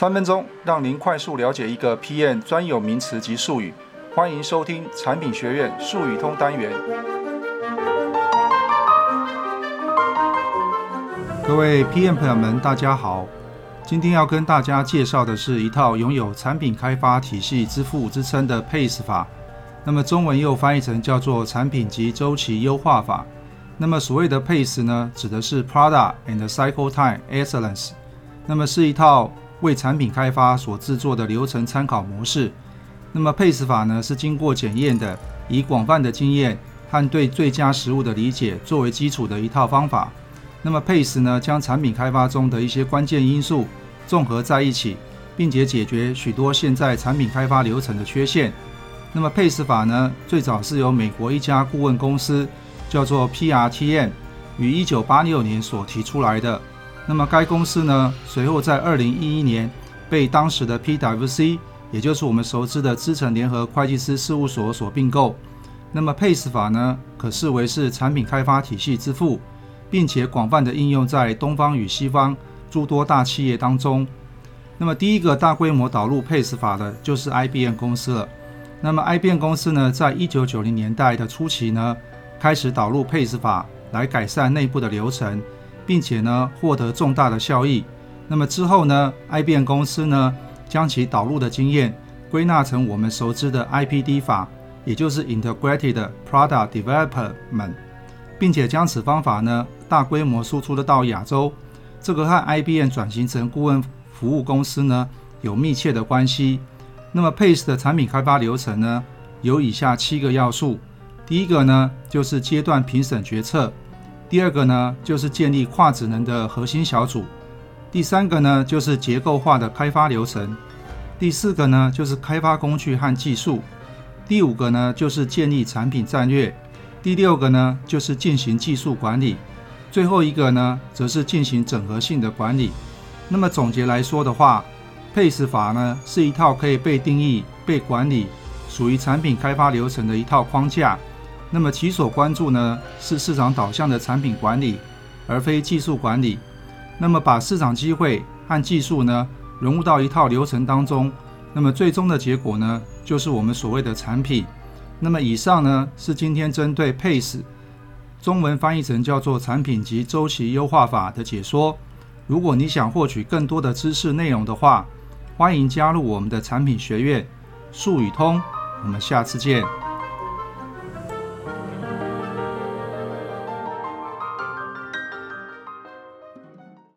三分鐘讓您快速了解一個 PM 專有名詞及術語，歡迎收聽產品學院術語通單元。各位 PM 朋友們，大家好，今天要跟大家介紹的是一套擁有產品開發體系之父之稱的 PACE 法，那麼中文又翻譯成叫做產品及周期優化法。那麼所謂的 PACE 呢，指的是 Product and Cycle Time Excellence，那麼是一套，為產品開發所製作的流程參考模式，那麼 PACE 法呢，是經過檢驗的，以廣泛的經驗和對最佳實務的理解作為基礎的一套方法。那麼 PACE 呢將產品開發中的一些關鍵因素綜合在一起，並且解決許多現在產品開發流程的缺陷。那麼 PACE 法呢最早是由美國一家顧問公司叫做 PRTM 於1986年所提出來的。那麼該公司呢，隨後在二零一一年被當時的 PWC，也就是我們熟知的資誠聯合會計師事務所所併購。那麼 PACE 法呢，可視為是產品開發體系之父，並且廣泛的應用在東方與西方諸多大企業當中。那麼第一個大規模導入 PACE 法的就是 IBM 公司了。那麼 IBM 公司呢，在一九九零年代的初期呢，開始導入 PACE 法來改善內部的流程。並且呢，獲得重大的效益。那麼之後呢，IBM 公司呢，將其導入的經驗歸納成我們熟知的 IPD 法，也就是 Integrated Product Development，並且將此方法呢，大規模輸出到亞洲。這個和 IBM 轉型成顧問服務公司呢，有密切的關係。那麼 PACE 的產品開發流程呢，有以下七個要素。第一個呢，就是階段評審決策。第二個呢，就是建立跨職能的核心小組；第三個呢，就是結構化的開發流程；第四個呢，就是開發工具和技術；第五個呢，就是建立產品戰略；第六個呢，就是進行技術管理；最後一個呢，則是進行整合性的管理。那麼總結來說的話，PACE 法呢，是一套可以被定義、被管理、屬於產品開發流程的一套框架。那麼其所關注呢，是市場導向的產品管理，而非技術管理。那麼把市場機會和技術呢，融入到一套流程當中。那麼最終的結果呢，就是我們所謂的產品。那麼以上呢，是今天針對 PACE 中文翻譯成叫做產品及周期優化法的解說。如果你想獲取更多的知識內容的話，歡迎加入我們的產品學院術語通。我們下次見。